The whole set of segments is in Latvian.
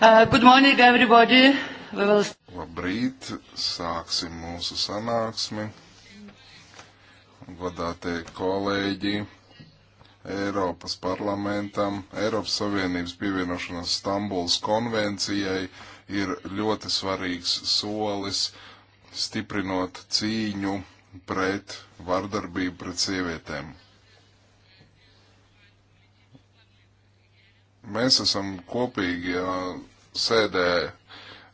Uh, good morning, everybody. We will... Labrīt, sāksim mūsu sanāksmi. Godātie kolēģi, Eiropas parlamentam, Eiropas Savienības pievienošanās Stambuls konvencijai ir ļoti svarīgs solis stiprinot cīņu pret vardarbību pret sievietēm. Mēs esam kopīgi sēdē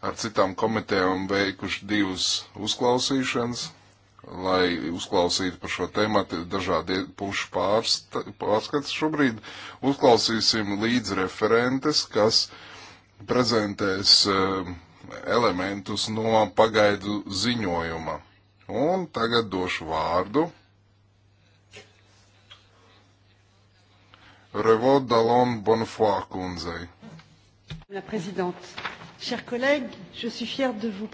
ar citām komitejām veikuši divas uzklausīšanas, lai uzklausītu par šo tēmu dažādi pušu pārskats. Šobrīd uzklausīsim līdz referentes, kas prezentēs eh, elementus no pagaidu ziņojuma. Un tagad došu vārdu Revo Dalon Bonfoy kundzei. La prezidente. Chers collègues, je suis fier de vous.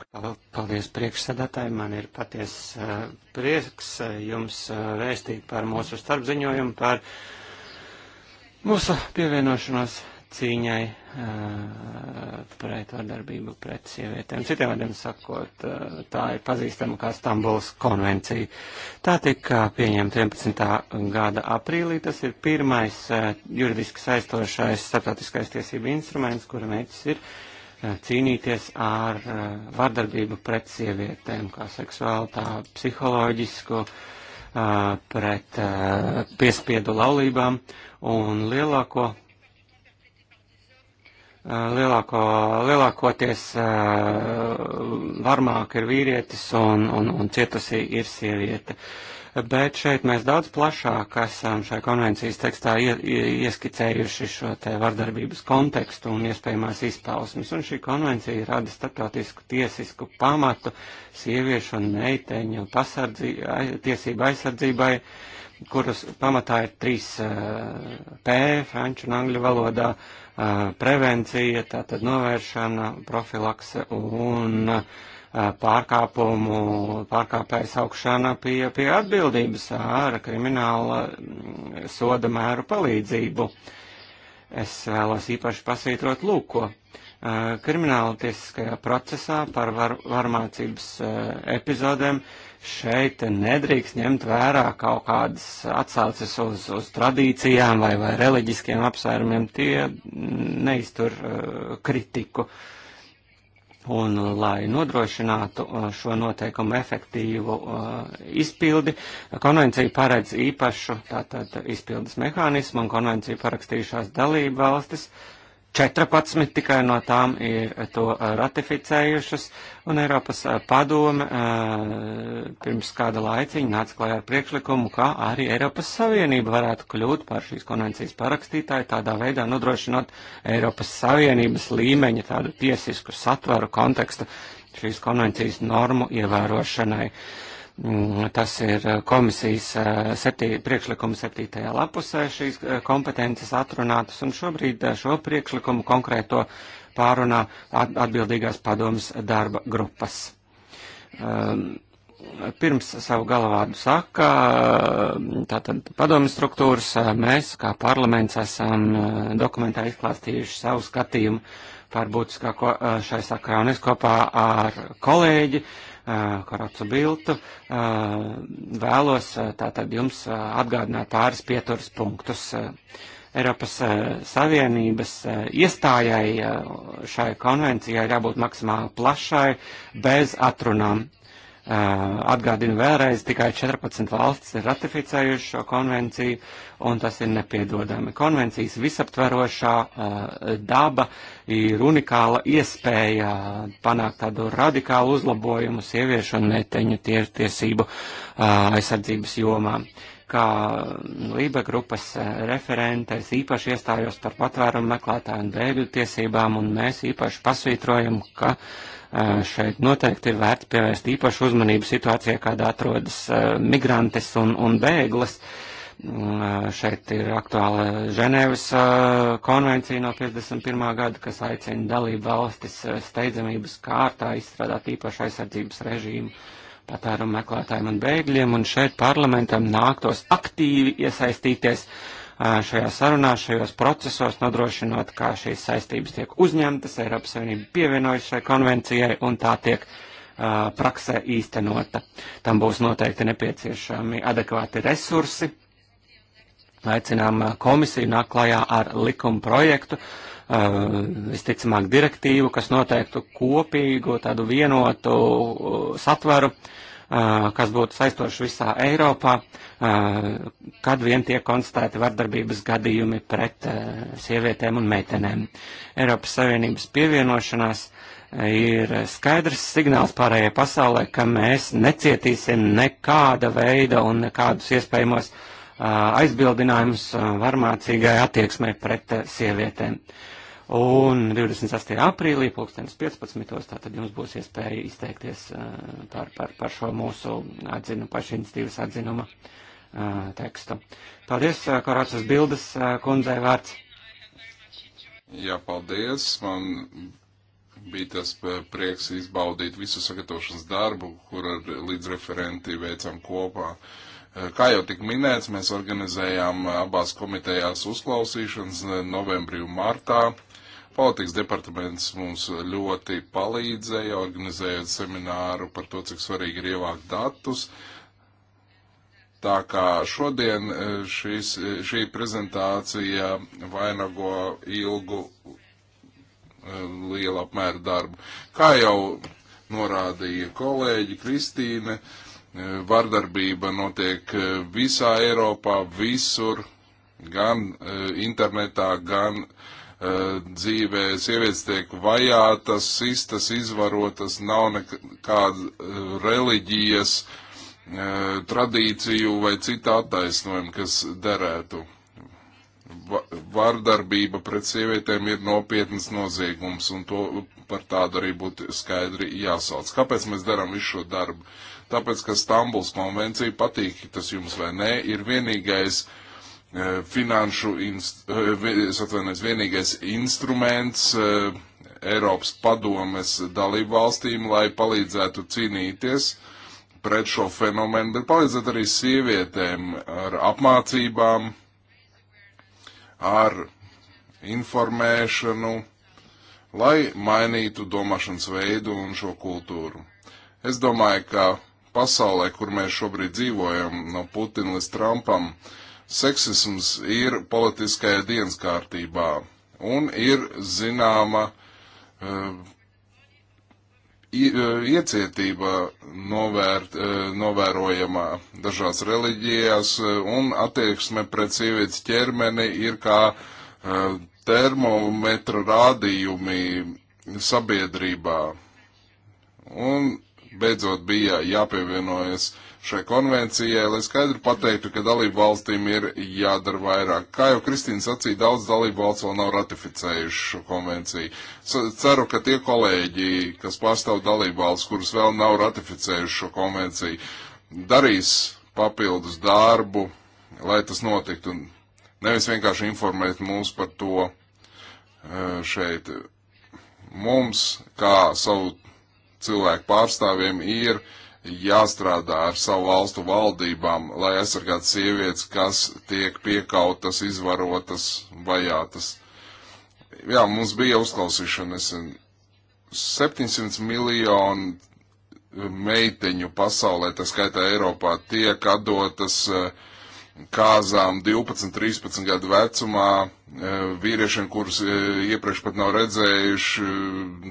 Paldies priekšsēdētāji, man ir paties uh, prieks uh, jums uh, vēstīt par mūsu starpziņojumu, par mūsu pievienošanos cīņai pret vardarbību pret sievietēm. Citiem vārdiem sakot, tā ir pazīstama kā Stambuls konvencija. Tā tika pieņemta 11. gada aprīlī. Tas ir pirmais juridiski saistošais starptautiskais tiesību instruments, kura mērķis ir cīnīties ar vardarbību pret sievietēm, kā seksuālu, tā psiholoģisku, pret piespiedu laulībām un lielāko lielāko, lielākoties eh, varmāk ir vīrietis un, un, un cietusī ir sieviete. Bet šeit mēs daudz plašāk esam šai konvencijas tekstā ie, ie, ieskicējuši šo te vardarbības kontekstu un iespējamās izpausmes. Un šī konvencija rada starptautisku tiesisku pamatu sieviešu un meiteņu pasardzi, tiesību aizsardzībai, kuras pamatā ir trīs eh, P, franču un angļu valodā. Uh, prevencija, tātad novēršana, profilakse un pārkāpumu, pārkāpējas augšana pie, pie atbildības ar krimināla mm, soda mēru palīdzību. Es vēlos īpaši pasvītrot lūko. Krimināla tiesiskajā procesā par var, varmācības epizodēm uh, šeit nedrīkst ņemt vērā kaut kādas atsauces uz, uz tradīcijām vai, vai reliģiskiem apsvērumiem, tie neiztur uh, kritiku. Un, lai nodrošinātu eh, šo noteikumu efektīvu uh, izpildi, konvencija paredz īpašu tātad izpildes mehānismu un konvenciju parakstījušās dalību valstis uh, 14 tikai no tām ir to eh, ratificējušas, un Eiropas eh, padome eh, pirms kāda laiciņa nāca klajā ar priekšlikumu, kā arī Eiropas Savienība varētu kļūt par šīs konvencijas parakstītāju, tādā veidā nodrošinot Eiropas Savienības līmeņa tādu tiesisku satvaru kontekstu šīs konvencijas normu ievērošanai. Uh, Mm, tas ir eh, komisijas eh, septī, priekšlikuma septītajā lapusē šīs eh, kompetences atrunātas, un šobrīd šo priekšlikumu konkrēto pārunā atbildīgās padomas darba grupas. Um, pirms savu galvādu saka, tātad padomu struktūras, mēs kā parlaments esam dokumentā izklāstījuši savu skatījumu par būtiskāko šai sakrā, un es kopā ar kolēģi uh, Eh, Karacu Biltu, eh, vēlos eh, tātad jums atgādināt pāris pieturas punktus. Eiropas Savienības iestājai šai konvencijai ir jābūt maksimāli plašai, bez atrunām. Eh, atgādinu vēlreiz, tikai 14 valstis ir ratificējuši šo konvenciju, un tas ir nepiedodami. Konvencijas visaptverošā eh, daba ir unikāla iespēja panākt tādu radikālu uzlabojumu sieviešu un meteņu tiesību eh, aizsardzības jomā kā Lība grupas referente, es īpaši iestājos par patvērumu meklētāju un bēgļu tiesībām, un mēs īpaši pasvītrojam, ka uh, šeit noteikti ir vērts pievērst īpašu uzmanību situācijai, kādā atrodas migrantes un, un bēglas. Šeit ir aktuāla Ženēvas konvencija no 51. gada, kas aicina dalību valstis steidzamības kārtā izstrādāt īpašu aizsardzības režīmu patērumu meklētājiem un bēgļiem, un šeit parlamentam nāktos aktīvi iesaistīties uh, šajā sarunā, šajos procesos, nodrošinot, kā šīs saistības tiek uzņemtas, Eiropas Savienība pievienojas šai konvencijai un tā tiek praksē īstenota. Tam būs noteikti nepieciešami adekvāti resursi. Aicinām komisiju nāk klajā ar likumu projektu, visticamāk direktīvu, kas noteiktu kopīgu, tādu vienotu satveru uh, kas būtu saistoši visā Eiropā, kad vien tiek konstatēti vardarbības gadījumi pret sievietēm un meitenēm. Eiropas Savienības pievienošanās ir skaidrs signāls pārējai pasaulē, ka mēs necietīsim nekāda veida un nekādus iespējamos aizbildinājumus varmācīgai attieksmei pret sievietēm. Uh, Un 28. aprīlī, pulkstenis 15. tātad jums būs iespēja izteikties eh, par, par, par šo mūsu atzinu, pašinstīvas atzinuma eh, tekstu. Paldies, eh, Korācas bildes kundzei vārds. Jā, paldies. Man bija tas prieks izbaudīt visu sagatavošanas darbu, kur ar līdzreferenti veicam kopā. Kā jau tik minēts, mēs organizējām abās komitejās uzklausīšanas novembrī un martā. Politikas departaments mums ļoti palīdzēja, organizējot semināru par to, cik svarīgi ir ievākt datus. Tā kā šodien e, šis, e, šī prezentācija vainago ilgu e, lielu apmēru darbu. Kā jau norādīja kolēģi Kristīne, vardarbība notiek visā Eiropā, visur, gan internetā, gan uh, Eh, dzīvē sievietes tiek vajātas, sistas, izvarotas, nav nekāda eh, reliģijas, eh, tradīciju vai cita attaisnojuma, kas derētu. Vārdarbība pret sievietēm ir nopietnas noziegums, un to par tādu arī būtu skaidri jāsauc. Kāpēc mēs darām visu šo darbu? Tāpēc, ka Stambuls konvencija patīk, tas jums vai nē, ir vienīgais uh, Eh, finanšu, inst, eh, es atvainojos, vienīgais instruments eh, Eiropas padomes dalību valstīm, lai palīdzētu cīnīties pret šo fenomenu, bet palīdzēt arī sievietēm ar apmācībām, ar informēšanu, lai mainītu domāšanas veidu un šo kultūru. Es domāju, ka pasaulē, kur mēs šobrīd dzīvojam, no Putina līdz Trumpam, uh, Seksisms ir politiskajā dienas kārtībā un ir zināma uh, iecietība novērt, e, novērojama dažās reliģijās, un attieksme pret sievietes ķermeni ir kā termometra rādījumi sabiedrībā. Un beidzot bija jāpievienojas uh, šai konvencijai, lai skaidri pateiktu, ka dalību valstīm ir jādara vairāk. Kā jau Kristīna sacīja, daudz dalību valsts vēl nav ratificējuši šo konvenciju. Ceru, ka tie kolēģi, kas pārstāv dalību valsts, kuras vēl nav ratificējuši šo konvenciju, darīs papildus darbu, lai tas notiktu. Nevis vienkārši informēt mūs par to e, šeit. Mums, kā savu cilvēku pārstāvjiem, ir uh, jāstrādā ar savu valstu valdībām, lai aizsargātu sievietes, kas tiek piekautas, izvarotas, vajātas. Jā, mums bija uzklausīšana nesen. 700 miljonu meiteņu pasaulē, tā skaitā Eiropā, tiek atdotas eh, kāzām 12, 13 gadu vecumā, eh, vīriešiem, kurus eh, iepriekš pat nav redzējuši,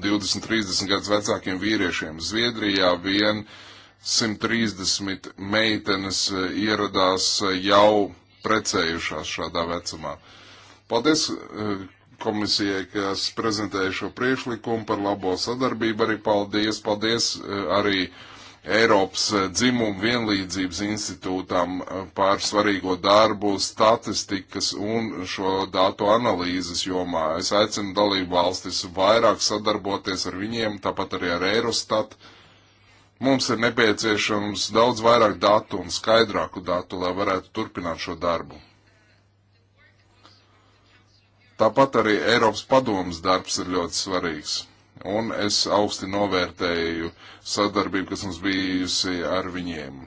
20, 30 gadus vecākiem vīriešiem. Zviedrijā vien uh, 130 meitenes e, ieradās e, jau precējušās šādā vecumā. Paldies e, komisijai, kas prezentēja šo priekšlikumu par labo sadarbību. Arī paldies, paldies arī Eiropas dzimumu vienlīdzības institūtam par svarīgo darbu statistikas un šo datu analīzes jomā. Es aicinu dalību valstis vairāk sadarboties ar viņiem, tāpat arī ar Eirostat. Uh, Mums ir nepieciešams daudz vairāk datu un skaidrāku datu, lai varētu turpināt šo darbu. Tāpat arī Eiropas padomas darbs ir ļoti svarīgs. Un es augsti novērtēju sadarbību, kas mums bijusi ar viņiem.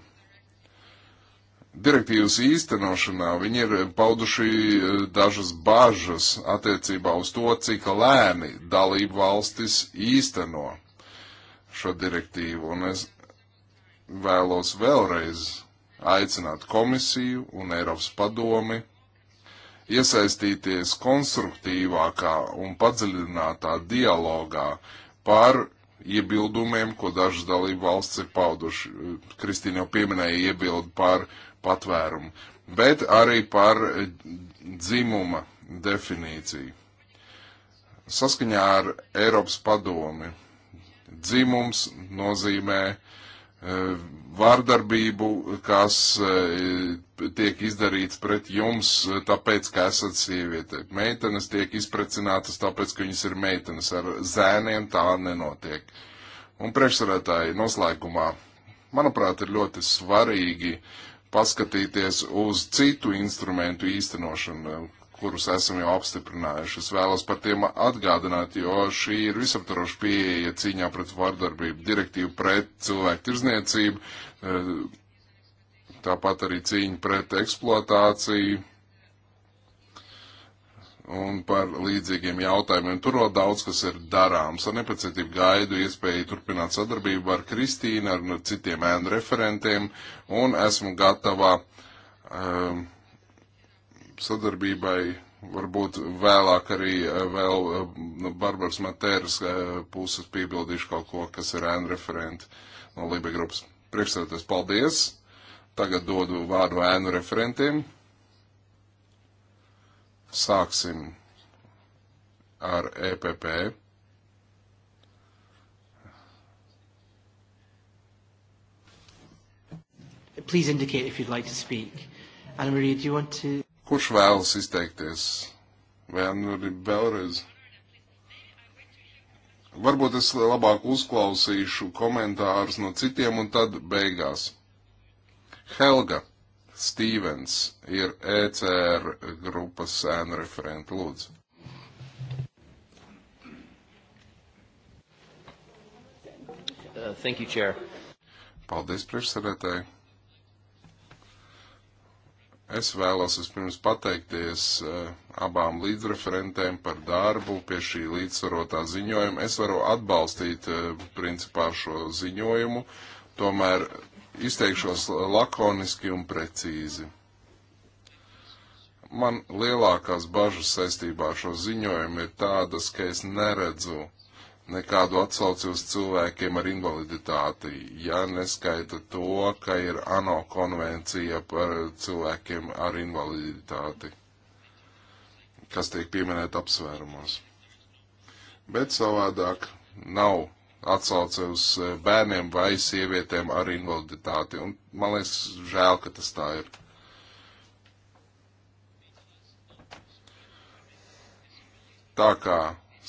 Direktīvas īstenošanā viņi ir pauduši e, dažas bažas attiecībā uz to, cik lēni dalību valstis īsteno šo direktīvu, un es vēlos vēlreiz aicināt komisiju un Eiropas padomi iesaistīties konstruktīvākā un padziļinātā dialogā par iebildumiem, ko dažas dalību valsts ir pauduši. Kristīna jau pieminēja iebildu par patvērumu, bet arī par dzimuma definīciju. Saskaņā ar Eiropas padomi Dzimums nozīmē e, vārdarbību, kas e, tiek izdarīts pret jums, e, tāpēc, ka esat sieviete. Meitenes tiek izprecinātas tāpēc, ka viņas ir meitenes. Ar zēniem tā nenotiek. Un priekšsarētāji noslēgumā, manuprāt, ir ļoti svarīgi paskatīties uz citu instrumentu īstenošanu, kurus esam jau apstiprinājuši. Es vēlos par tiem atgādināt, jo šī ir visaptaroša pieeja cīņā pret vardarbību, direktīva pret cilvēku tirzniecību, eh, tāpat arī cīņa pret eksploatāciju un par līdzīgiem jautājumiem. Tur vēl daudz, kas ir darāms. Ar nepacietību gaidu iespēju turpināt sadarbību ar Kristīnu, ar citiem ēnu referentiem, un esmu gatava um, sadarbībai, varbūt vēlāk arī eh, vēl eh, no nu, Barbaras Matēras eh, puses piebildīšu kaut ko, kas ir ēna referenti no Libe grupas. Priekšsēdētājs, paldies! Tagad dodu vārdu ēnu referentiem. Sāksim ar EPP. Please indicate if you'd like to speak. Anna Maria, do you want to? Kurš vēlas izteikties? Vai nu vēlreiz? Varbūt es labāk uzklausīšu komentārus no citiem un tad beigās. Helga Stevens ir ECR grupas sēna referenta lūdzu. Uh, thank you, Chair. Paldies, priekšsēdētāji. Es vēlos vispirms pateikties e, abām līdzreferentēm par darbu pie šī līdzsvarotā ziņojuma. Es varu atbalstīt e, principā šo ziņojumu, tomēr izteikšos lakoniski un precīzi. Man lielākās bažas saistībā ar šo ziņojumu ir tādas, ka es neredzu nekādu atsauci uz cilvēkiem ar invaliditāti, ja neskaita to, ka ir ANO konvencija par cilvēkiem ar invaliditāti, kas tiek pieminēta apsvērumos. Bet savādāk nav atsauce uz bērniem vai sievietēm ar invaliditāti, un man liekas žēl, ka tas tā ir. Tā kā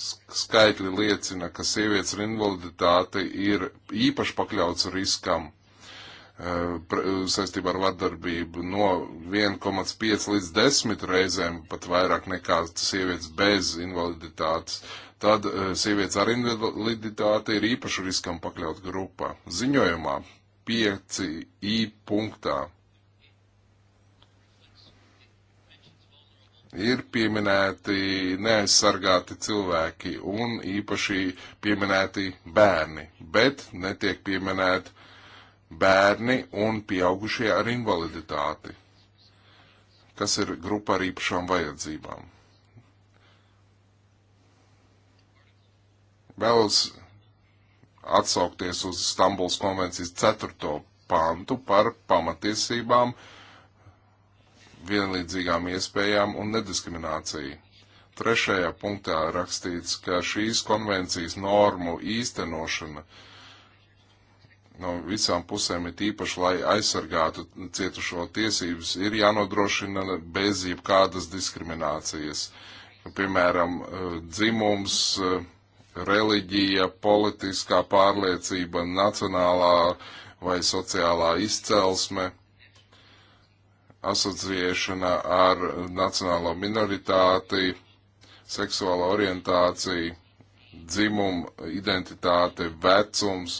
skaitļi liecina, ka sievietes ar invaliditāti ir īpaši pakļauts riskam eh, saistībā ar vardarbību no 1,5 līdz 10 reizēm pat vairāk nekā sievietes bez invaliditātes, tad eh, sievietes ar invaliditāti ir īpaši riskam pakļaut grupā. Ziņojumā 5i punktā ir pieminēti neaizsargāti cilvēki un īpaši pieminēti bērni, bet netiek pieminēti bērni un pieaugušie ar invaliditāti, kas ir grupa ar īpašām vajadzībām. Vēlos atsaukties uz Stambuls konvencijas 4. pantu par pamatiesībām, uh, vienlīdzīgām iespējām un nediskrimināciju. Trešajā punktā rakstīts, ka šīs konvencijas normu īstenošana no visām pusēm ir tīpaši, lai aizsargātu cietušo tiesības, ir jānodrošina bez jebkādas diskriminācijas. Piemēram, dzimums, reliģija, politiskā pārliecība, nacionālā vai sociālā izcelsme asociēšana ar nacionālo minoritāti, seksuālo orientāciju, dzimumu, identitāti, vecums,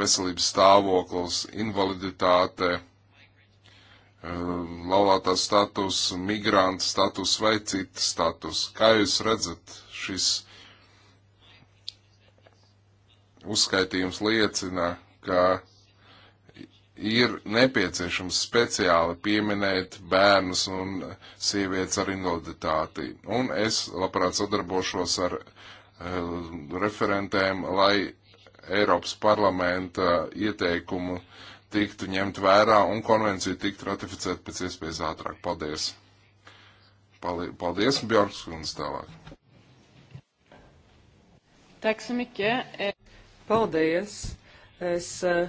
veselības stāvoklis, invaliditāte, eh, laulātā status, migranta status vai cita status. Kā jūs redzat, šis uzskaitījums liecina, ka ir nepieciešams speciāli pieminēt bērnus un sievietes ar invaliditāti. Un es labprāt sadarbošos ar uh, referentēm, lai Eiropas parlamenta ieteikumu tiktu ņemt vērā un konvenciju tiktu ratificēt pēc iespējas ātrāk. Paldies! Paldies, Bjorks, un tālāk. Tack så mycket. Paldies! Es uh,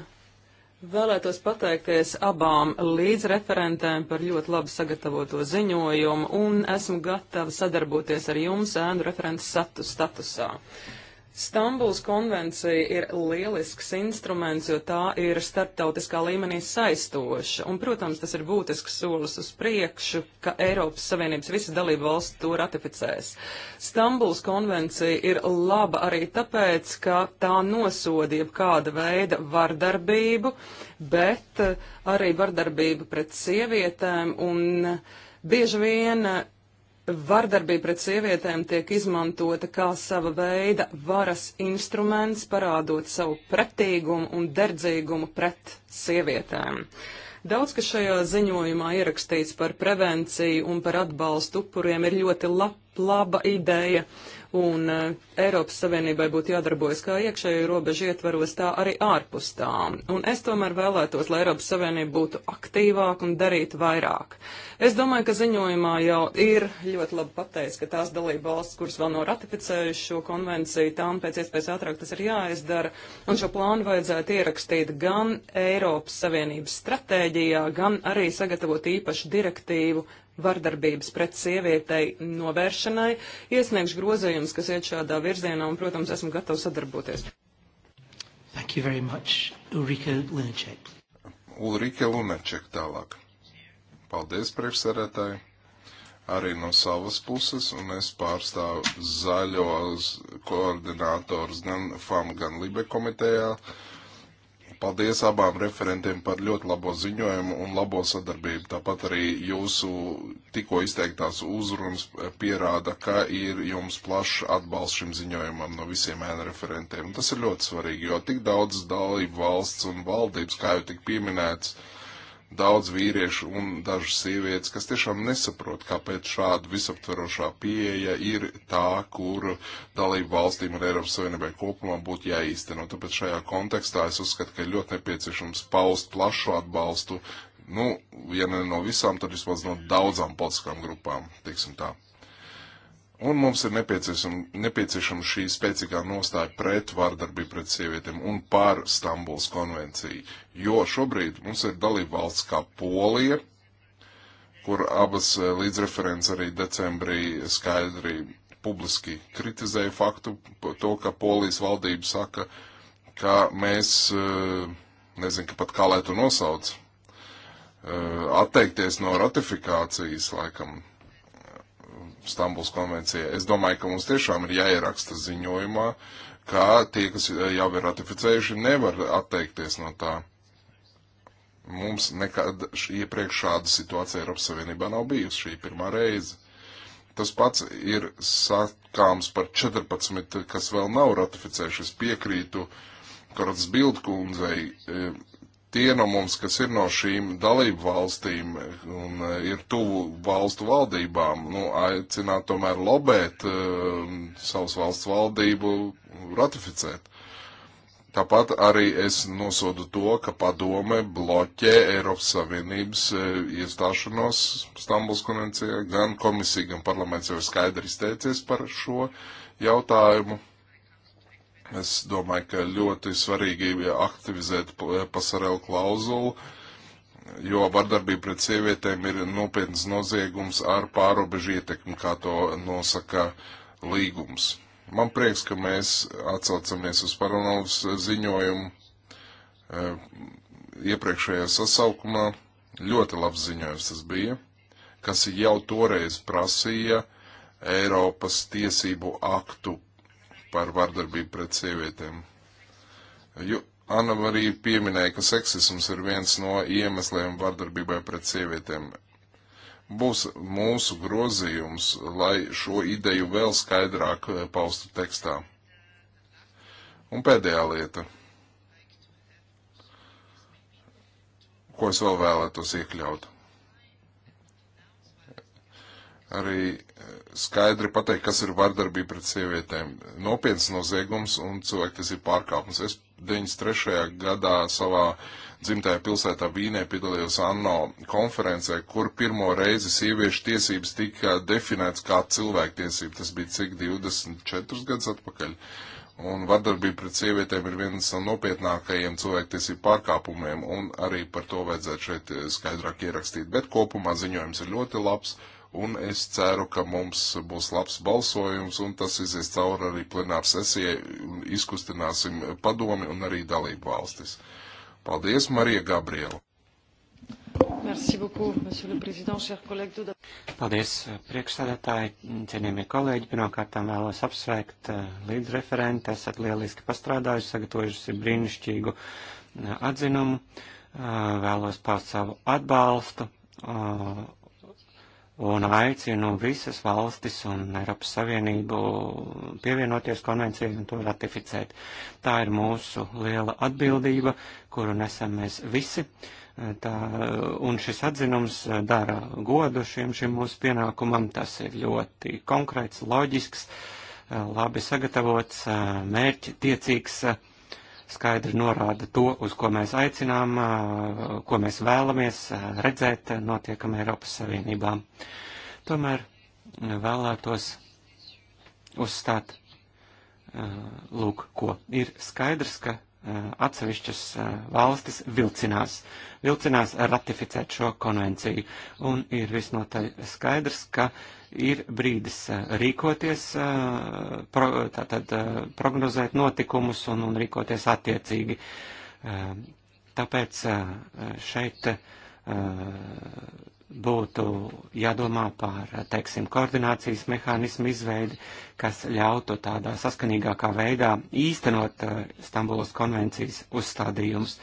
Vēlētos pateikties abām līdzreferentēm par ļoti labi sagatavoto ziņojumu un esmu gatava sadarboties ar jums ēnu referentu statusā. Stambuls konvencija ir lielisks instruments, jo tā ir starptautiskā līmenī saistoša, un, protams, tas ir būtisks solis uz priekšu, ka Eiropas Savienības visas dalība valsts to ratificēs. Stambuls konvencija ir laba arī tāpēc, ka tā nosodīja kāda veida vardarbību, bet eh, arī vardarbību pret sievietēm un eh, bieži vien eh, Vardarbība pret sievietēm tiek izmantota kā sava veida varas instruments, parādot savu pretīgumu un derdzīgumu pret sievietēm. Daudz, kas šajā ziņojumā ierakstīts par prevenciju un par atbalstu upuriem, ir ļoti lab, laba ideja, un eh, Eiropas Savienībai būtu jādarbojas kā iekšējo robežu ietvaros, tā arī ārpus tām. Un es tomēr vēlētos, lai Eiropas Savienība būtu aktīvāka un darītu vairāk. Es domāju, ka ziņojumā jau ir ļoti labi pateicis, ka tās dalība valsts, kuras vēl nav ratificējušas šo konvenciju, tām pēc iespējas ātrāk tas ir jāizdara, un šo plānu vajadzētu ierakstīt gan Eiropas Savienības stratēģijā, gan arī sagatavot īpašu direktīvu vardarbības pret sievietei novēršanai. Iesniegšu grozījumus, kas iet šādā virzienā, un, protams, esmu gatavs sadarboties. Thank you very much, Ulrika Lunacek. Ulrika Lunacek tālāk. Paldies, priekšsarētāji. Arī no savas puses, un es pārstāvu zaļos koordinātors gan FAM, gan LIBE komitejā. Uh, Paldies abām referentiem par ļoti labo ziņojumu un labo sadarbību. Tāpat arī jūsu tikko izteiktās uzrunas eh, pierāda, ka ir jums plašs atbalsts šim ziņojumam no visiem ēna referentiem. Un tas ir ļoti svarīgi, jo tik daudz dalību valsts un valdības, kā jau tik pieminēts, uh, daudz vīriešu un dažas sievietes, kas tiešām nesaprot, kāpēc šāda visaptverošā pieeja ir tā, kur dalību valstīm un Eiropas Savienībai kopumā būtu jāīsteno. Tāpēc šajā kontekstā es uzskatu, ka ir ļoti nepieciešams paust plašu atbalstu, nu, ja ne no visām, tad vismaz no daudzām politiskām grupām, tiksim tā. Un mums ir nepieciešama nepieciešam šī spēcīgā nostāja pret vārdarbību pret sievietēm un pār Stambuls konvenciju. Jo šobrīd mums ir dalība valsts kā Polija, kur abas eh, līdzreferents arī decembrī skaidri publiski kritizēja faktu to, ka Polijas valdība saka, ka mēs, eh, nezinu, ka pat kā lai to nosauc, eh, atteikties no ratifikācijas laikam Stambuls konvencija. Es domāju, ka mums tiešām ir jāieraksta ziņojumā, ka tie, kas jau ir ratificējuši, nevar atteikties no tā. Mums nekad iepriekš šāda situācija Eiropas Savienībā nav bijusi. Šī ir pirmā reize. Tas pats ir sakāms par 14, kas vēl nav ratificējuši. Es piekrītu Karatas Bildkundzei, e, tie no mums, kas ir no šīm dalību valstīm un e, ir tuvu valstu valdībām, nu, aicināt tomēr lobēt uh, savas valsts valdību ratificēt. Tāpat arī es nosodu to, ka padome bloķē Eiropas Savienības uh, iestāšanos Stambuls konvencijā, gan komisija, gan parlaments jau ir skaidri izteicies par šo jautājumu. Es domāju, ka ļoti svarīgi ir aktivizēt pasarelu klauzulu, jo vardarbība pret sievietēm ir nopietns noziegums ar pārobežu ietekmi, kā to nosaka līgums. Man prieks, ka mēs atsaucamies uz Paranovas ziņojumu e, iepriekšējā sasaukumā. Ļoti labs ziņojums tas bija, kas jau toreiz prasīja Eiropas tiesību aktu par vardarbību pret sievietēm. Jo Anna arī pieminēja, ka seksisms ir viens no iemesliem vardarbībai pret sievietēm. Būs mūsu grozījums, lai šo ideju vēl skaidrāk eh, paustu tekstā. Un pēdējā lieta, ko es vēl vēlētos iekļaut arī eh, skaidri pateikt, kas ir vardarbība pret sievietēm. Nopietns noziegums un cilvēktiesība pārkāpums. Es 93. gadā savā dzimtajā pilsētā Vīnē piedalījos ANO konferencē, kur pirmo reizi sieviešu tiesības tika definēts kā cilvēktiesība. Tas bija cik 24 gadus atpakaļ. Un vardarbība pret sievietēm ir viens no nopietnākajiem cilvēktiesību pārkāpumiem, un arī par to vajadzētu šeit eh, skaidrāk ierakstīt. Bet kopumā ziņojums ir ļoti labs. Uh, un es ceru, ka mums būs labs balsojums, un tas izies cauri arī plenāru sesijai, un izkustināsim padomi un arī dalību valstis. Paldies, Marija Gabriela! Paldies, priekšsēdētāji, cienījamie kolēģi. Pirmkārt, vēlos apsveikt eh, līdzreferenti. Esat lieliski pastrādājuši, sagatavojuši brīnišķīgu eh, atzinumu. Eh, vēlos paust savu atbalstu un aicinu visas valstis un Eiropas Savienību pievienoties konvencijai un to ratificēt. Tā ir mūsu liela atbildība, kuru nesam mēs visi. Tā, un šis atzinums dara godu šiem, šim mūsu pienākumam. Tas ir ļoti konkrēts, loģisks, labi sagatavots, mērķi tiecīgs skaidri norāda to, uz ko mēs aicinām, ko mēs vēlamies redzēt notiekam Eiropas Savienībā. Tomēr vēlētos uzstāt, lūk, ko ir skaidrs, ka Eh, atsevišķas eh, valstis vilcinās, vilcinās ratificēt šo konvenciju. Un ir visnotaļ skaidrs, ka ir brīdis eh, rīkoties, pro, tātad prognozēt notikumus un, un rīkoties attiecīgi. Tāpēc šeit būtu jādomā par, teiksim, koordinācijas mehānismu izveidi, kas ļautu tādā saskanīgākā veidā īstenot eh, Stambulas konvencijas uzstādījumus,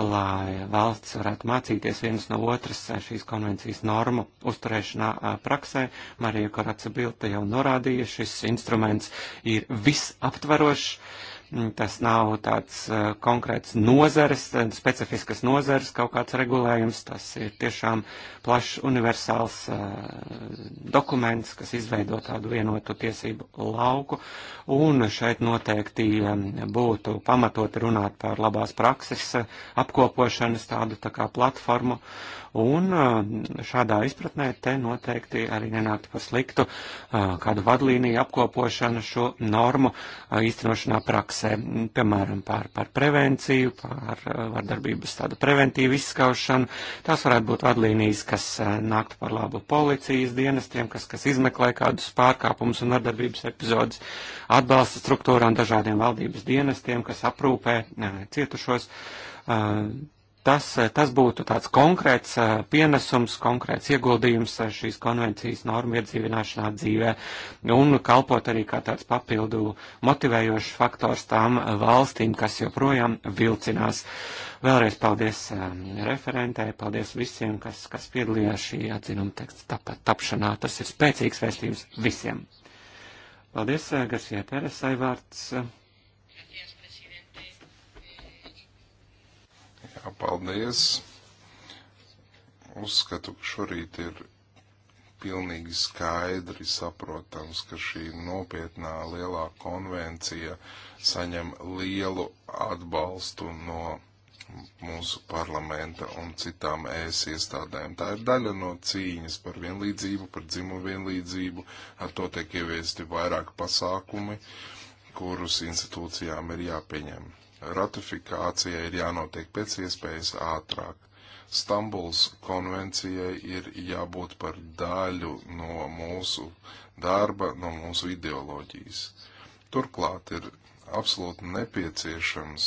lai valsts varētu mācīties vienas no otras eh, šīs konvencijas normu uzturēšanā eh, praksē. Marija Koraca Bilta jau norādīja, šis instruments ir visaptverošs Tas nav tāds uh, konkrēts nozares, specifiskas nozares kaut kāds regulējums, tas ir tiešām plašs universāls uh, dokuments, kas izveido tādu vienotu tiesību lauku. Un šeit noteikti um, būtu pamatot runāt par labās prakses uh, apkopošanas tādu tā kā platformu. Uh, un šādā izpratnē te noteikti arī nenāktu par sliktu kādu vadlīniju apkopošanu šo normu īstenošanā praksē, piemēram, par, par prevenciju, par vardarbības tādu preventīvu izskaušanu. Tās varētu būt vadlīnijas, kas nāktu par labu policijas dienestiem, kas, kas izmeklē kādus pārkāpumus un vardarbības epizodus, atbalsta struktūrām dažādiem valdības dienestiem, kas aprūpē cietušos tas, eh, tas būtu tāds konkrēts eh, pienesums, konkrēts ieguldījums eh, šīs konvencijas normu iedzīvināšanā dzīvē un kalpot arī kā tāds papildu motivējošs faktors tām valstīm, kas joprojām vilcinās. Vēlreiz paldies referentē, paldies visiem, kas, kas piedalījās šī atzinuma teksta tap, tapšanā. Tas ir spēcīgs vēstījums visiem. Paldies, Garsie Peresai vārds. Paldies! Uzskatu, ka šorīt ir pilnīgi skaidri saprotams, ka šī nopietnā lielā konvencija saņem lielu atbalstu no mūsu parlamenta un citām ēs iestādēm. Tā ir daļa no cīņas par vienlīdzību, par dzimumu vienlīdzību. Ar to tiek ieviesti vairāk pasākumi, kurus institūcijām ir jāpieņem. Ratifikācija ir jānotiek pēc iespējas ātrāk. Stambuls konvencijai ir jābūt par daļu no mūsu darba, no mūsu ideoloģijas. Turklāt ir absolūti nepieciešams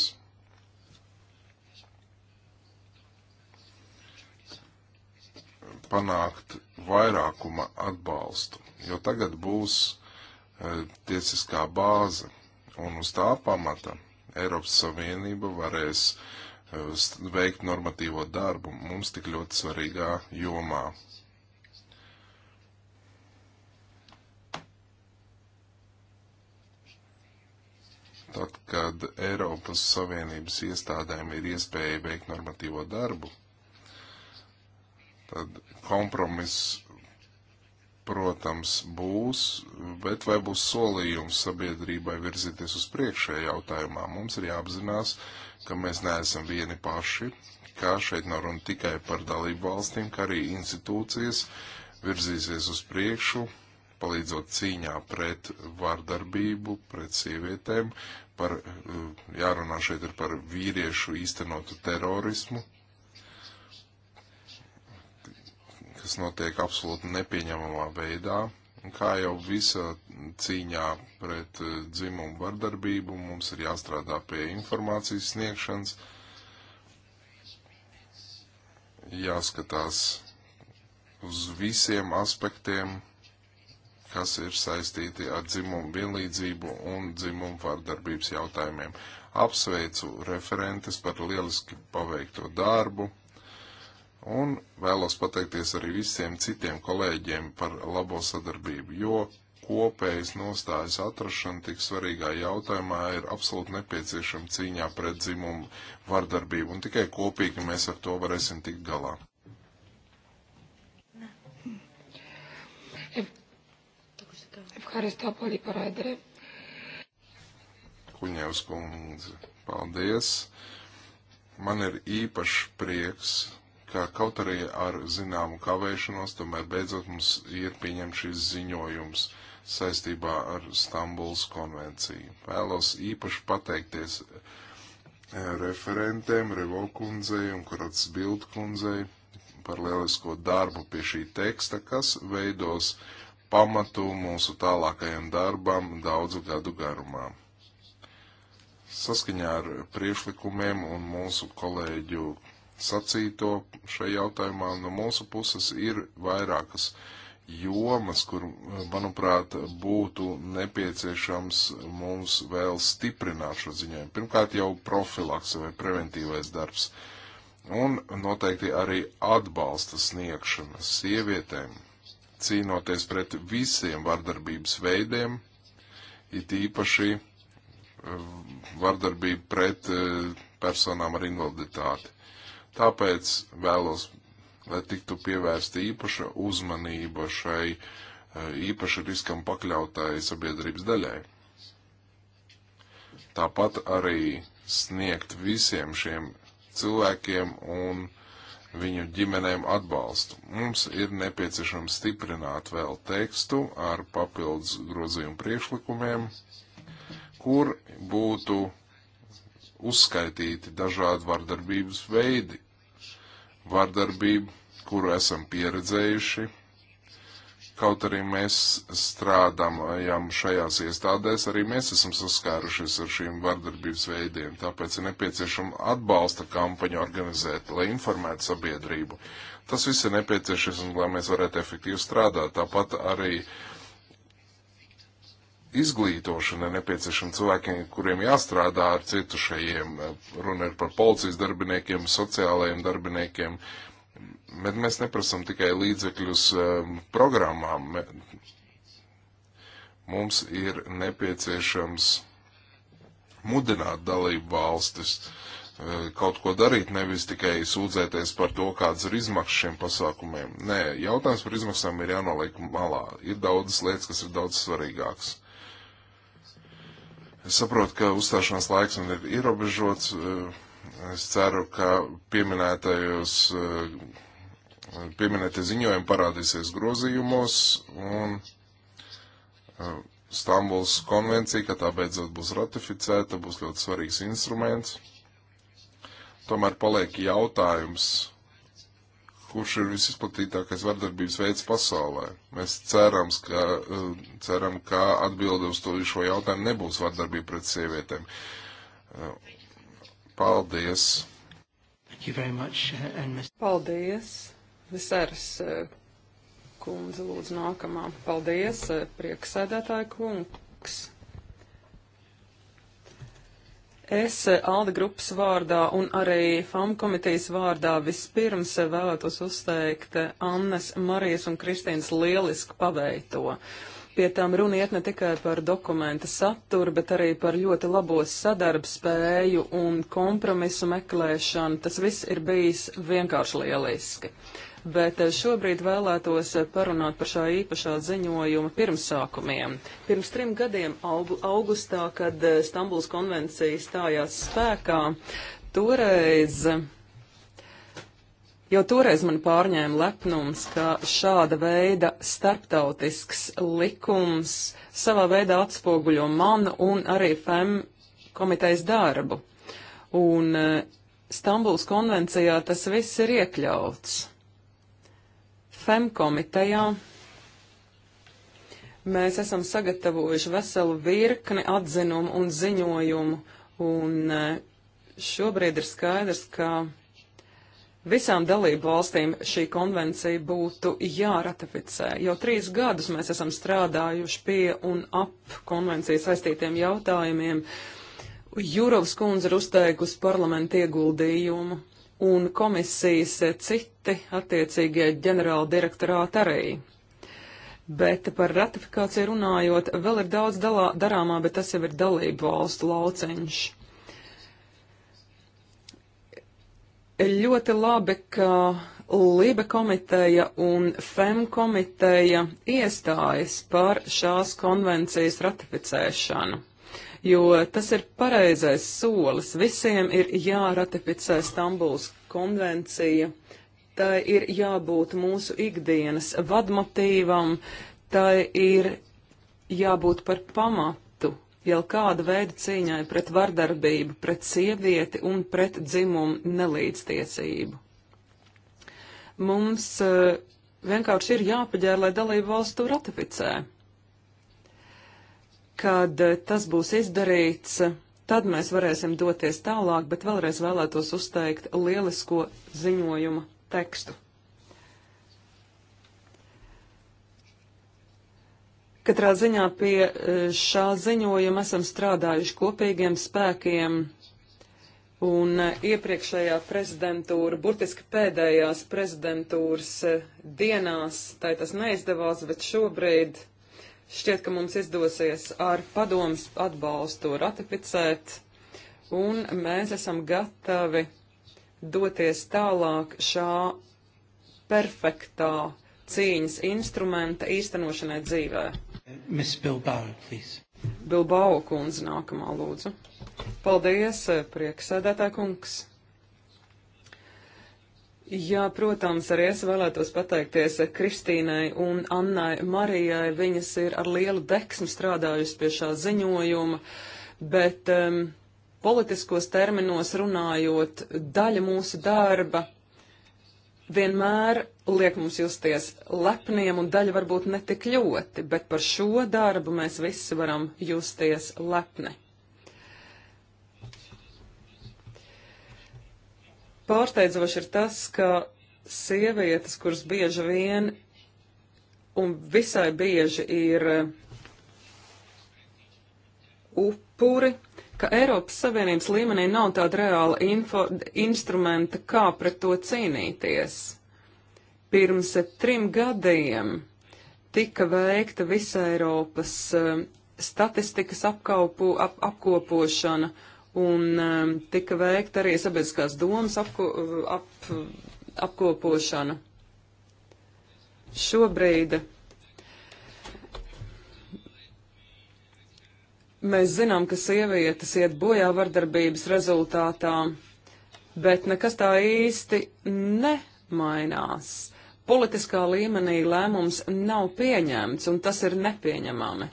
panākt vairākuma atbalstu, jo tagad būs e, tiesiskā bāze, un uz tā pamata Eiropas Savienība varēs eh, veikt normatīvo darbu mums tik ļoti svarīgā jomā. Tad, kad Eiropas Savienības iestādēm ir iespēja veikt normatīvo darbu, tad kompromiss protams, būs, bet vai būs solījums sabiedrībai virzīties uz priekšējā jautājumā? Mums ir jāapzinās, ka mēs neesam vieni paši, kā šeit nav runa tikai par dalību valstīm, ka arī institūcijas virzīsies uz priekšu, palīdzot cīņā pret vardarbību, pret sievietēm, par, eh, jārunā šeit ir par vīriešu īstenotu terorismu, kas notiek absolūti nepieņemamā veidā. Kā jau visā cīņā pret eh, dzimumu vardarbību, mums ir jāstrādā pie informācijas sniegšanas, jāskatās uz visiem aspektiem, kas ir saistīti ar dzimumu vienlīdzību un dzimumu vārdarbības jautājumiem. Apsveicu referentes par lieliski paveikto darbu, Un vēlos pateikties arī visiem citiem kolēģiem par labo sadarbību, jo kopējas nostājas atrašana tik svarīgā jautājumā ir absolūti nepieciešama cīņā pret dzimumu vardarbību, un tikai kopīgi mēs ar to varēsim tikt galā. Kuņevs kundze, paldies! Man ir īpašs prieks ka kaut arī ar zināmu kavēšanos, tomēr beidzot mums ir pieņemts šis ziņojums saistībā ar Stambuls konvenciju. Vēlos īpaši pateikties e, referentēm, Revokundzei un Korats Bildkundzei par lielisko darbu pie šī teksta, kas veidos pamatu mūsu tālākajam darbam daudzu gadu garumā. Saskaņā ar priešlikumiem un mūsu kolēģu sacīto šajā jautājumā no mūsu puses ir vairākas jomas, kur, eh, manuprāt, būtu nepieciešams mums vēl stiprināt šo ziņojumu. Pirmkārt jau profilakse vai preventīvais darbs. Un noteikti arī atbalsta sniegšana sievietēm, cīnoties pret visiem vardarbības veidiem, it īpaši eh, vardarbību pret eh, personām ar invaliditāti. Tāpēc vēlos, lai tiktu pievērsta īpaša uzmanība šai eh, īpaši riskam pakļautāji sabiedrības daļai. Tāpat arī sniegt visiem šiem cilvēkiem un viņu ģimenēm atbalstu. Mums ir nepieciešams stiprināt vēl tekstu ar papildus grozījumu priekšlikumiem, kur būtu uzskaitīti dažādi vardarbības veidi, vardarbību, kuru esam pieredzējuši. Kaut arī mēs strādājam šajās iestādēs, arī mēs esam saskārušies ar šīm vardarbības veidiem. Tāpēc ir nepieciešama atbalsta kampaņa organizēt, lai informētu sabiedrību. Tas viss ir nepieciešams, lai mēs varētu efektīvi strādāt. Tāpat arī uh, izglītošana nepieciešama cilvēkiem, kuriem jāstrādā ar cietušajiem. Runa ir par policijas darbiniekiem, sociālajiem darbiniekiem. Bet mēs neprasam tikai līdzekļus um, programmām. Mums ir nepieciešams mudināt dalību valstis uh, kaut ko darīt, nevis tikai sūdzēties par to, kādas ir izmaksas šiem pasākumiem. Nē, jautājums par izmaksām ir jānoliek malā. Ir daudzas lietas, kas ir daudz svarīgākas. Es saprotu, ka uzstāšanās laiks man ir ierobežots. Eh, es ceru, ka pieminētajos, eh, pieminētie ziņojumi parādīsies grozījumos un eh, Stambuls konvencija, ka tā beidzot būs ratificēta, būs ļoti svarīgs instruments. Tomēr paliek jautājums, kurš ir visizplatītākais vardarbības veids pasaulē. Mēs cerams, ka, eh, ceram, ka atbildi uz to šo jautājumu nebūs vardarbība pret sievietēm. Eh, paldies! Much, eh, Paldies! Visaras kundze lūdzu nākamā. Paldies, prieksēdētāja kungs! Es eh, Alda grupas vārdā un arī FAM komitejas vārdā vispirms eh, vēlētos uzteikt eh, Annes, Marijas un Kristīnas lielisku paveikto. Pie tām runa iet ne tikai par dokumenta saturu, bet arī par ļoti labo sadarbspēju un kompromisu meklēšanu. Tas viss ir bijis vienkārši lieliski. Uh, bet eh, šobrīd vēlētos eh, parunāt par šā īpašā ziņojuma pirmsākumiem. Pirms trim gadiem augustā, kad eh, Stambuls konvencija stājās spēkā, toreiz. Jau toreiz man pārņēma lepnums, ka šāda veida starptautisks likums savā veidā atspoguļo manu un arī FEM komitejas darbu. Un Stambuls konvencijā tas viss ir iekļauts. FEM komitejā mēs esam sagatavojuši veselu virkni atzinumu un ziņojumu, un e, šobrīd ir skaidrs, ka visām dalību valstīm šī konvencija būtu jāratificē. Jau trīs gadus mēs esam strādājuši pie un ap konvencijas saistītiem jautājumiem. Jūrovs kundze ir uzteikusi parlamentu ieguldījumu un komisijas citi attiecīgie ģenerāla direktorāti arī. Bet par ratifikāciju runājot, vēl ir daudz dalā, darāmā, bet tas jau ir dalību valstu lauciņš. Ļoti labi, ka Lība komiteja un FEM komiteja iestājas par šās konvencijas ratificēšanu jo tas ir pareizais solis. Visiem ir jāratificē Stambuls konvencija, tai ir jābūt mūsu ikdienas vadmotīvam, tai ir jābūt par pamatu jau kāda veida cīņai pret vardarbību, pret sievieti un pret dzimumu nelīdztiesību. Mums uh, vienkārši ir jāpaģēr, lai dalību valsts to ratificē. Kad eh, tas būs izdarīts, eh, tad mēs varēsim doties tālāk, bet vēlreiz vēlētos uzteikt lielisko ziņojuma tekstu. Katrā ziņā pie eh, šā ziņojuma esam strādājuši kopīgiem spēkiem, un iepriekšējā prezidentūra, burtiski pēdējās prezidentūras dienās, tai tas neizdevās, bet šobrīd Šķiet, ka mums izdosies ar padomus atbalstu ratificēt, un mēs esam gatavi doties tālāk šā perfektā cīņas instrumenta īstenošanai dzīvē. Miss Bilbao, please. Bilbao kundze nākamā lūdzu. Paldies, prieksēdētā kungs. Jā, protams, arī es vēlētos pateikties Kristīnai un Annai Marijai. Viņas ir ar lielu deksmu strādājusi pie šā ziņojuma, bet um, politiskos terminos runājot, daļa mūsu darba vienmēr liek mums justies lepniem un daļa varbūt netik ļoti, bet par šo darbu mēs visi varam justies lepni. Pārsteidzoši ir tas, ka sievietes, kuras bieži vien un visai bieži ir uh, upuri, ka Eiropas Savienības līmenī nav tāda reāla info, instrumenta, kā pret to cīnīties. Pirms trim gadiem tika veikta visa Eiropas uh, statistikas apkaupu, ap, apkopošana, uh, un um, tika veikta arī sabiedriskās domas apko, uh, ap, apkopošana. Šobrīd mēs zinām, ka sievietes iet bojā vardarbības rezultātā, bet nekas tā īsti nemainās. Politiskā līmenī lēmums nav pieņemts, un tas ir nepieņemami.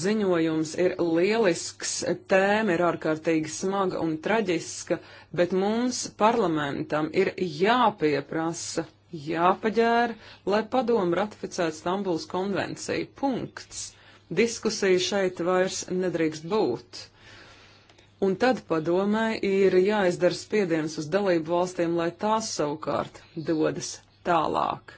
Ziņojums ir lielisks, tēma ir ārkārtīgi smaga un traģiska, bet mums parlamentam ir jāpieprasa, jāpaģēra, lai padomu ratificētu Stambuls konvenciju. Punkts. Diskusija šeit vairs nedrīkst būt. Un tad padomē ir jāizdara spiediens uz dalību valstīm, lai tās savukārt dodas tālāk.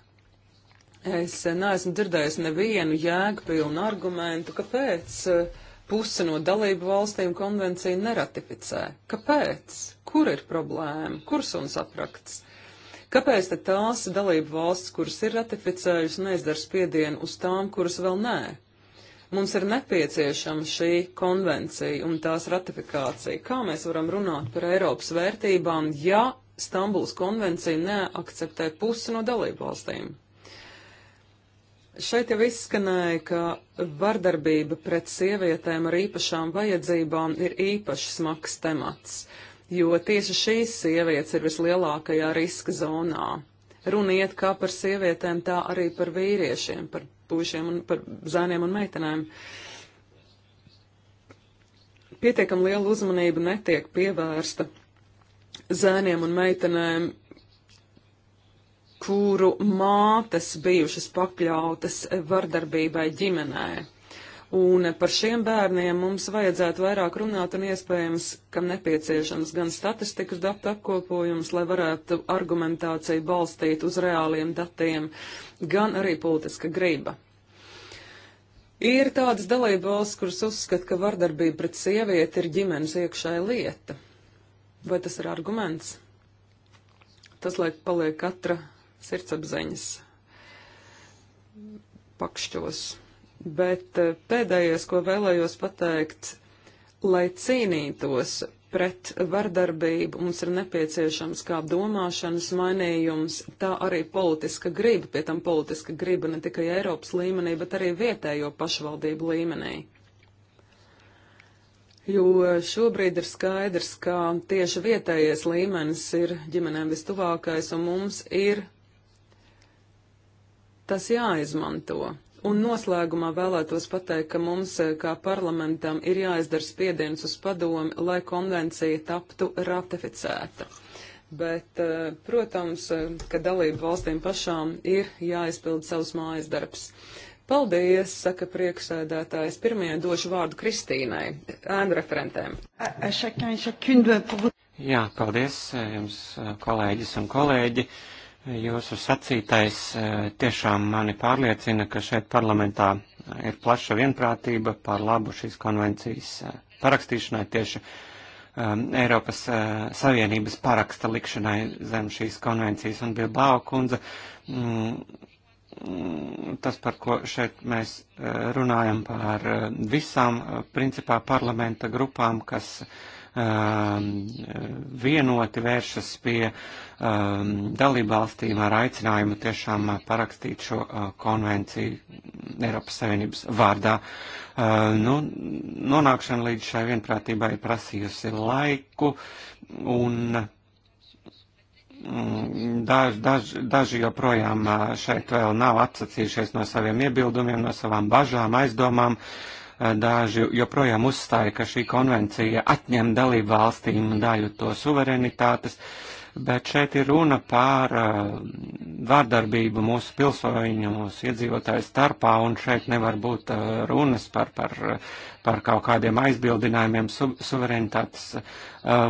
Es neesmu dzirdējusi nevienu jēgpilnu argumentu, kāpēc eh, puse no dalību valstīm konvenciju neratificē. Kāpēc? Kur ir problēma? Kur suns aprakts? Kāpēc tad tās dalību valsts, kuras ir ratificējusi, neizdara spiedienu uz tām, kuras vēl nē? Mums ir nepieciešama šī konvencija un tās ratifikācija. Kā mēs varam runāt par Eiropas vērtībām, ja Stambuls konvencija neakceptē pusi no dalību valstīm? Šeit jau izskanēja, ka vardarbība pret sievietēm ar īpašām vajadzībām ir īpaši smags temats, jo tieši šīs sievietes ir vislielākajā riska zonā. Runiet kā par sievietēm, tā arī par vīriešiem, par pušiem un par zēniem un meitenēm. Pietiekam liela uzmanība netiek pievērsta zēniem un meitenēm kuru mātes bijušas pakļautas vardarbībai ģimenē. Un par šiem bērniem mums vajadzētu vairāk runāt un iespējams, kam nepieciešams gan statistikas datu apkopojums, lai varētu argumentāciju balstīt uz reāliem datiem, gan arī politiska griba. Ir tādas dalība valsts, kuras uzskata, ka vardarbība pret sievieti ir ģimenes iekšēja lieta. Vai tas ir arguments? Tas, lai paliek katra sirdsapziņas pakšķos. Bet eh, pēdējais, ko vēlējos pateikt, lai cīnītos pret vardarbību, mums ir nepieciešams kā domāšanas mainījums, tā arī politiska griba, pie tam politiska griba ne tikai Eiropas līmenī, bet arī vietējo pašvaldību līmenī. Jo šobrīd ir skaidrs, ka tieši vietējais līmenis ir ģimenēm vistuvākais, un mums ir tas jāizmanto. Un noslēgumā vēlētos pateikt, ka mums eh, kā parlamentam ir jāizdara spiediens uz padomi, lai konvencija taptu ratificēta. Bet, eh, protams, eh, ka dalību valstīm pašām ir jāizpild savus mājas darbs. Paldies, saka priekšsēdētājs. Pirmie došu vārdu Kristīnai, ēnu referentēm. Jā, paldies jums, kolēģis un kolēģi. Uh, Jūsu sacītais eh, tiešām mani pārliecina, ka šeit parlamentā ir plaša vienprātība par labu šīs konvencijas eh, parakstīšanai tieši um, Eiropas uh, Savienības paraksta likšanai zem šīs konvencijas. Un bija Blau kundze, mm, mm, tas, par ko šeit mēs runājam, par visām principā parlamenta grupām, kas uh, Um, vienoti vēršas pie um, dalībvalstīm ar aicinājumu tiešām parakstīt šo uh, konvenciju Eiropas Savienības vārdā. Uh, nu, nonākšana līdz šai vienprātībai ir prasījusi laiku un mm, daž, daž, daži joprojām uh, šeit vēl nav atsacījušies no saviem iebildumiem, no savām bažām, aizdomām. Uh, Daži joprojām uzstāja, ka šī konvencija atņem dalību valstīm daļu to suverenitātes, bet šeit ir runa pār eh, vārdarbību mūsu pilsoņu, mūsu iedzīvotāju starpā, un šeit nevar būt eh, runas par, par par kaut kādiem aizbildinājumiem su, suverenitātes uh,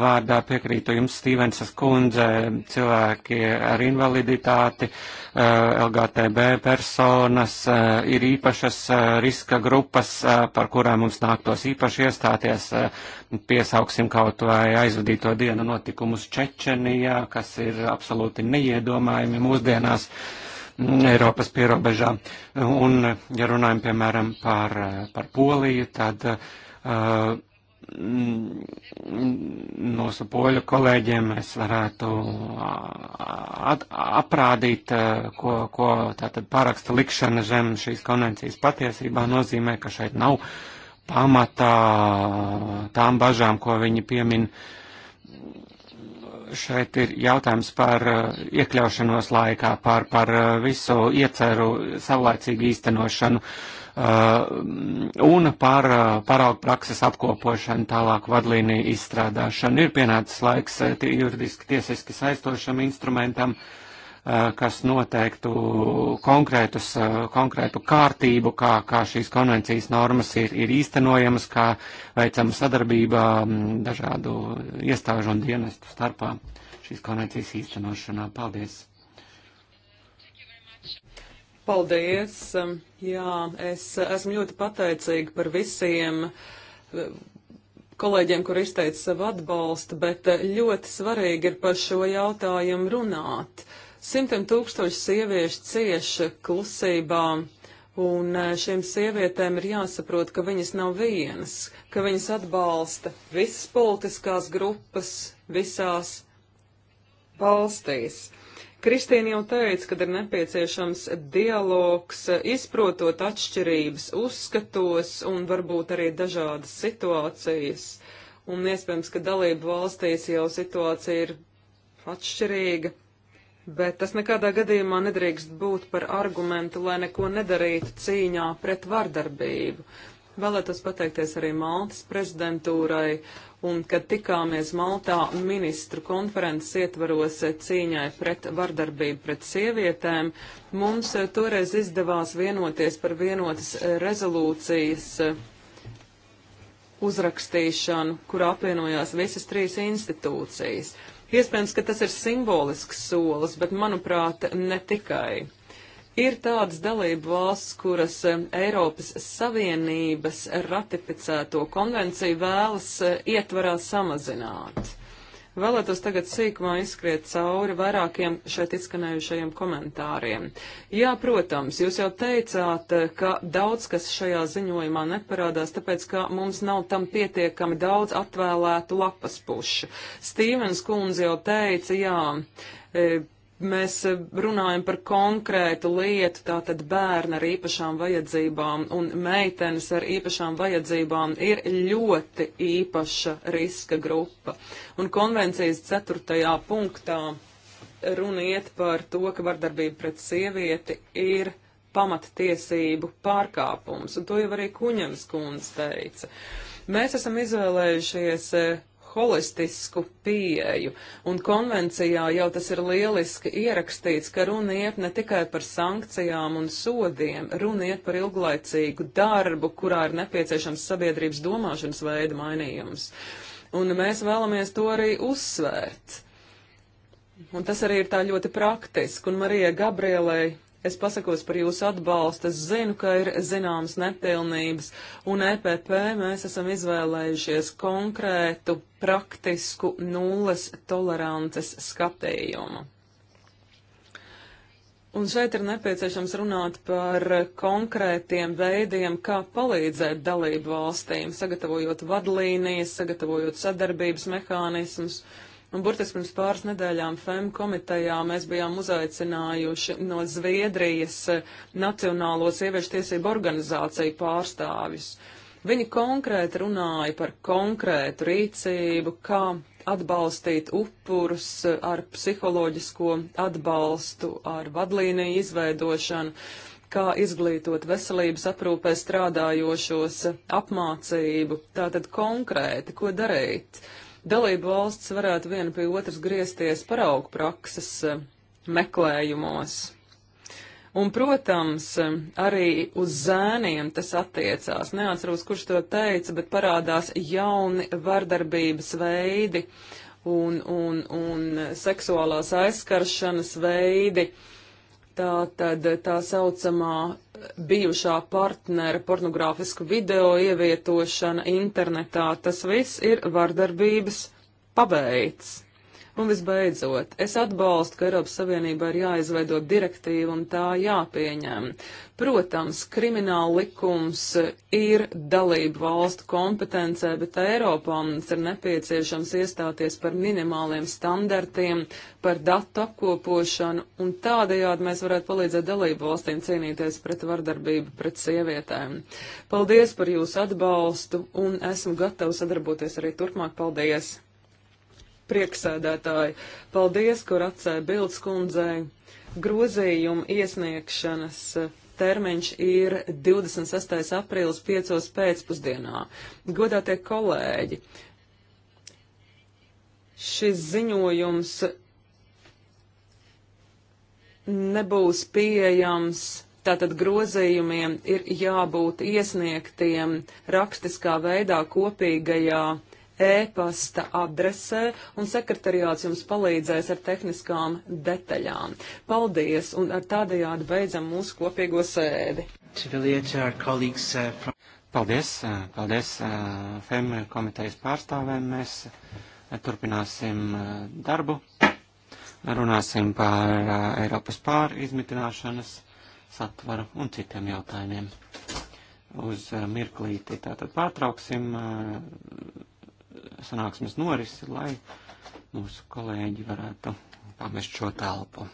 vārdā. Piekrītu jums, Stīvensas kundze, cilvēki ar invaliditāti, uh, LGTB personas uh, ir īpašas uh, riska grupas, uh, par kurām mums nāktos īpaši iestāties. Uh, piesauksim kaut vai aizvadīto dienu notikumus Čečenijā, kas ir absolūti neiedomājami mūsdienās. Uh, Eiropas pierobežā. Un, ja runājam, piemēram, par, par Poliju, tad uh, mūsu poļu kolēģiem mēs varētu at, aprādīt, ko, ko tātad paraksta likšana zem šīs konvencijas patiesībā nozīmē, ka šeit nav pamatā tām bažām, ko viņi piemin šeit ir jautājums par eh, iekļaušanos laikā, par, par eh, visu ieceru savlaicīgu īstenošanu eh, un par paraugu prakses apkopošanu, tālāk vadlīniju izstrādāšanu. Ir pienācis laiks juridiski tiesiski saistošam instrumentam. Uh, Eh, kas noteiktu konkrētus, eh, konkrētu kārtību, kā, kā šīs konvencijas normas ir, ir īstenojamas, kā veicama sadarbība mm, dažādu iestāžu un dienestu starpā šīs konvencijas īstenošanā. Paldies! Paldies! Um, jā, es esmu ļoti pateicīga par visiem eh, kolēģiem, kur izteica savu atbalstu, bet ļoti svarīgi ir par šo jautājumu runāt. Uh, Simtiem tūkstoši sieviešu cieši klusībā. Un e, šīm sievietēm ir jāsaprot, ka viņas nav vienas, ka viņas atbalsta visas politiskās grupas visās valstīs. Kristīna jau teica, ka ir nepieciešams dialogs, e, izprotot atšķirības uzskatos un varbūt arī dažādas situācijas. Un iespējams, ka dalību valstīs jau situācija ir atšķirīga, bet tas nekādā gadījumā nedrīkst būt par argumentu, lai neko nedarītu cīņā pret vardarbību. Vēlētos pateikties arī Maltas prezidentūrai, un kad tikāmies Maltā ministru konferences ietvaros cīņai pret vardarbību pret sievietēm, mums toreiz izdevās vienoties par vienotas rezolūcijas uzrakstīšanu, kur apvienojās visas trīs institūcijas. Iespējams, ka tas ir simbolisks solis, bet manuprāt, ne tikai. Ir tādas dalību valsts, kuras eh, Eiropas Savienības ratificēto konvenciju vēlas eh, ietvarā samazināt. Vēlētos tagad sīkumā izskriet cauri vairākiem šeit izskanējušajiem komentāriem. Jā, protams, jūs jau teicāt, ka daudz kas šajā ziņojumā neparādās, tāpēc, ka mums nav tam pietiekami daudz atvēlētu lapas pušu. Stīvens kundze jau teica, jā, e, mēs eh, runājam par konkrētu lietu, tātad bērni ar īpašām vajadzībām un meitenes ar īpašām vajadzībām ir ļoti īpaša riska grupa. Un konvencijas ceturtajā punktā runa iet par to, ka vardarbība pret sievieti ir pamattiesību pārkāpums, un to jau arī Kuņevs kundze teica. Mēs esam izvēlējušies eh, holistisku pieeju, un konvencijā jau tas ir lieliski ierakstīts, ka runa iet ne tikai par sankcijām un sodiem, runa iet par ilglaicīgu darbu, kurā ir nepieciešams sabiedrības domāšanas veida mainījums. Un mēs vēlamies to arī uzsvērt. Un tas arī ir tā ļoti praktiski, un Marijai Gabrielai Es pasakos par jūsu atbalstu, es zinu, ka ir zināmas nepilnības, un EPP mēs esam izvēlējušies konkrētu, praktisku, nulles tolerances skatījumu. Un šeit ir nepieciešams runāt par konkrētiem veidiem, kā palīdzēt dalību valstīm, sagatavojot vadlīnijas, sagatavojot sadarbības mehānismus. Uh, Un burtiski pirms pāris nedēļām FEM komitejā mēs bijām uzaicinājuši no Zviedrijas eh, Nacionālo sieviešu tiesību organizāciju pārstāvis. Viņi konkrēti runāja par konkrētu rīcību, kā atbalstīt upurus eh, ar psiholoģisko atbalstu, ar vadlīniju izveidošanu, kā izglītot veselības aprūpē strādājošos eh, apmācību, tātad konkrēti, ko darīt. Uh, dalību valsts varētu viena pie otras griezties paraugu prakses eh, meklējumos. Un, protams, eh, arī uz zēniem tas attiecās. Neatceros, kurš to teica, bet parādās jauni vardarbības veidi un, un, un seksuālās aizskaršanas veidi. Tā tad tā saucamā bijušā partnera pornogrāfisku video ievietošana internetā, tas viss ir vardarbības pabeigts. Un visbeidzot, es atbalstu, ka Eiropas Savienībā ir jāizveido direktīva un tā jāpieņem. Protams, krimināla likums ir dalību valstu kompetencē, bet Eiropā mums ir nepieciešams iestāties par minimāliem standartiem, par datu apkopošanu, un tādējādi mēs varētu palīdzēt dalību valstīm cīnīties pret vardarbību pret sievietēm. Paldies par jūsu atbalstu, un esmu gatava sadarboties arī turpmāk. Paldies! Prieksēdētāji, paldies, kur atcēja bildes kundzei. Grozījuma iesniegšanas eh, termiņš ir 26. aprīlis 5. pēcpusdienā. Godātie kolēģi, šis ziņojums nebūs pieejams Tātad grozījumiem ir jābūt iesniegtiem rakstiskā veidā kopīgajā e-pasta adresē, un sekretariāts jums palīdzēs ar tehniskām detaļām. Paldies, un ar tādējādi beidzam mūsu kopīgo sēdi. Uh, paldies, uh, paldies uh, FEM komitejas pārstāvēm. Mēs turpināsim darbu, runāsim par Eiropas pārizmitināšanas satvaru un citiem jautājumiem. Uz mirklīti tātad pārtrauksim sanāksmes norisi, lai mūsu kolēģi varētu pamest šo telpu.